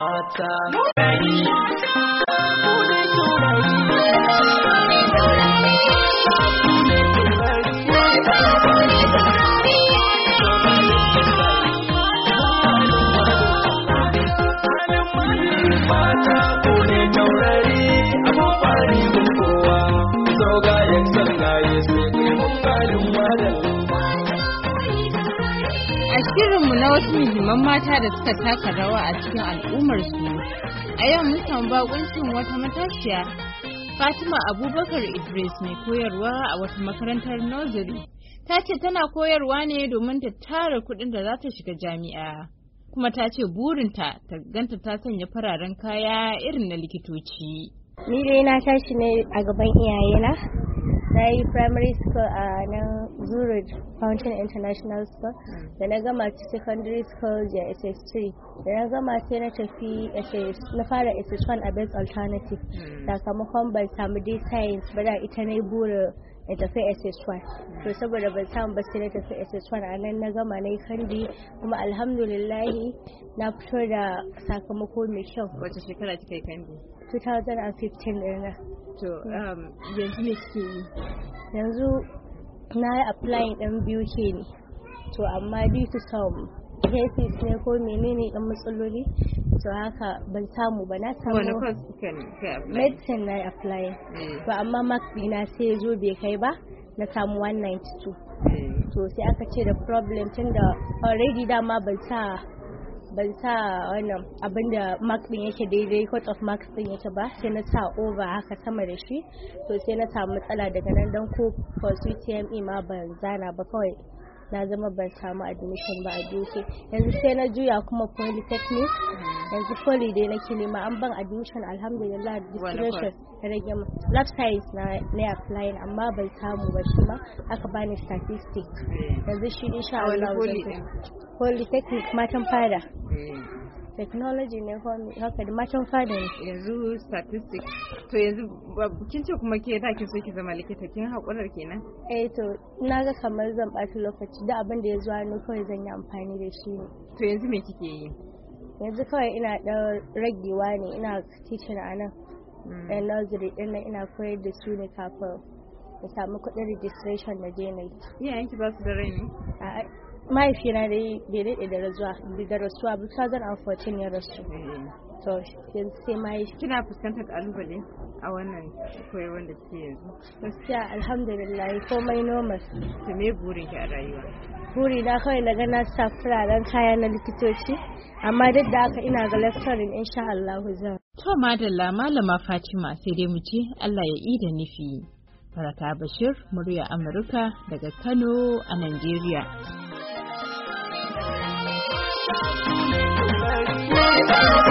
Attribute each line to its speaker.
Speaker 1: mata. Mata ku ne taurari abubari sun kowa, so sangaye sai kai mun
Speaker 2: Shirinmu na wasu muhimman mata da suka taka rawa a cikin al'ummarsu. A yau mun samu bakuncin wata matashiya Fatima Abubakar Idris mai koyarwa a wata makarantar nursery. Ta ce tana koyarwa ne domin ta tara kuɗin da za ta shiga jami'a. Kuma ta ce burinta ta ganta ta sanya fararen kaya irin na likitoci.
Speaker 1: Ni dai na tashi ne a gaban iyayena na yi primary school a nan zurich fountain international school da na gama secondary school da ss3 da na gama sai na tafi na fara ss1 a best alternative hmm. sakamakon ban samu dai science ba da ita na yi burin ya tafi ss1 to saboda ban samu ba sai na tafi ss1 a nan na gama na yi kandi kuma alhamdulillah na fito da sakamako mai kyau wace shekara kika yi kandi 2015 din na to um, yanzu ne kike yi yanzu na yi applying ɗin biyu ke ne to amma due to some cases ne ko menene ɗan matsaloli so haka ban samu ba na samu wani course kuka medicine na apply ba mm. amma marks dina sai zo bai kai ba na samu 192 mm. to sai aka ce da problem tun da already dama ban sa ban sa wannan abinda mark din yake daidai cut of marks din yake ba sai na sa over haka sama da shi to sai na samu matsala daga nan dan ko for CTME e ma ban zana ba kawai na zama ban samu admission ba a duke yanzu sai na juya kuma polytechnic yanzu poly dai na kilima an ban admission alhamdulillah distribution da rage ma lab science na na apply amma bai samu ba shi ma aka bani statistics hmm. yanzu shi sha Allah polytechnic matan fada hmm. technology ne haka da matan fada ne yanzu statistics to yanzu
Speaker 2: kin ce kuma ke da kin so ki zama likita kin hakurar kenan
Speaker 1: eh to na ga kamar zan ɓata lokaci da abin da ya zuwa ni kawai zan yi amfani da shi ne
Speaker 2: to yanzu me kike yi
Speaker 1: yanzu kawai ina ɗan ragewa ne ina teaching a nan hmm. ɗan nursery ɗin nan ina koyar da su ne kafin ya samu kuɗin registration na je na yi yanki ba su da rai ne mahaifina da yi bai daɗe da rasuwa da rasuwa 2014 ya rasu to yanzu sai mahaifi kina fuskantar kalubale a wannan koyarwar da ke yanzu gaskiya alhamdulillah komai normal to me burin ki a rayuwa buri na kawai na ga na sa fararen kaya na likitoci amma duk da aka ina ga lecturing insha Allah zan.
Speaker 2: To madalla malama Fatima sai dai mu ce Allah ya yi da nufi. Baraka Bashir murya Amurka daga Kano a Najeriya.
Speaker 1: Thank you.